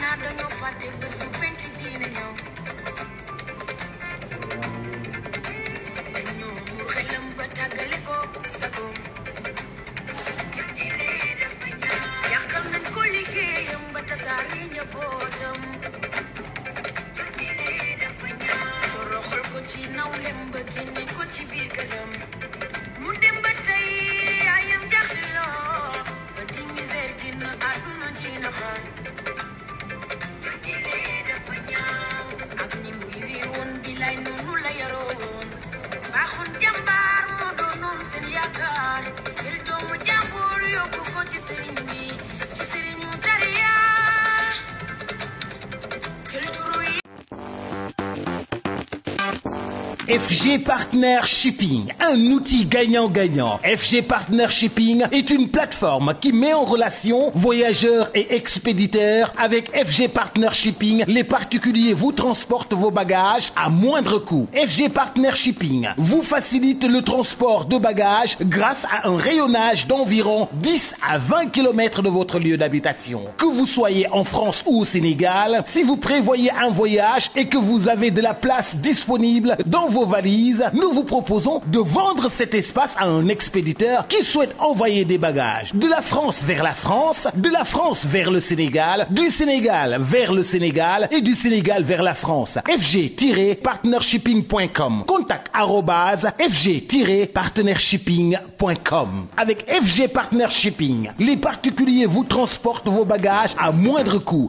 xanaa dañoo fàtte bés yu penti diine ñoom dañoo muur xelam ba tàggale ko sagoom yàqal nañ ko liggéeyam ba tasaari njabootam toroxal ko ci nawlem ba génne ko ci biir këram mu dem ba tey yaayam jaxloo ba di misère génn àdduna ci naxaan un FG Partner Shipping, un outil gagnant-gagnant. FG Partner Shipping est une plateforme qui met en relation voyageurs et expéditeurs. Avec FG Partner Shipping, les particuliers vous transportent vos bagages à moindre coût. FG Partner Shipping vous facilite le transport de bagages grâce à un rayonnage d'environ 10 à 20 km de votre lieu d'habitation. Que vous soyez en France ou au Sénégal, si vous prévoyez un voyage et que vous avez de la place disponible vos valises, nous vous proposons de vendre cet espace à un expéditeur qui souhaite envoyer des bagages de la France vers la France, de la France vers le Sénégal, du Sénégal vers le Sénégal et du Sénégal vers la France. fg-partnershipping.com. Contact arobase fg-partnershipping.com. Avec FG Partnershipping, les particuliers vous transportent vos bagages à moindre coût.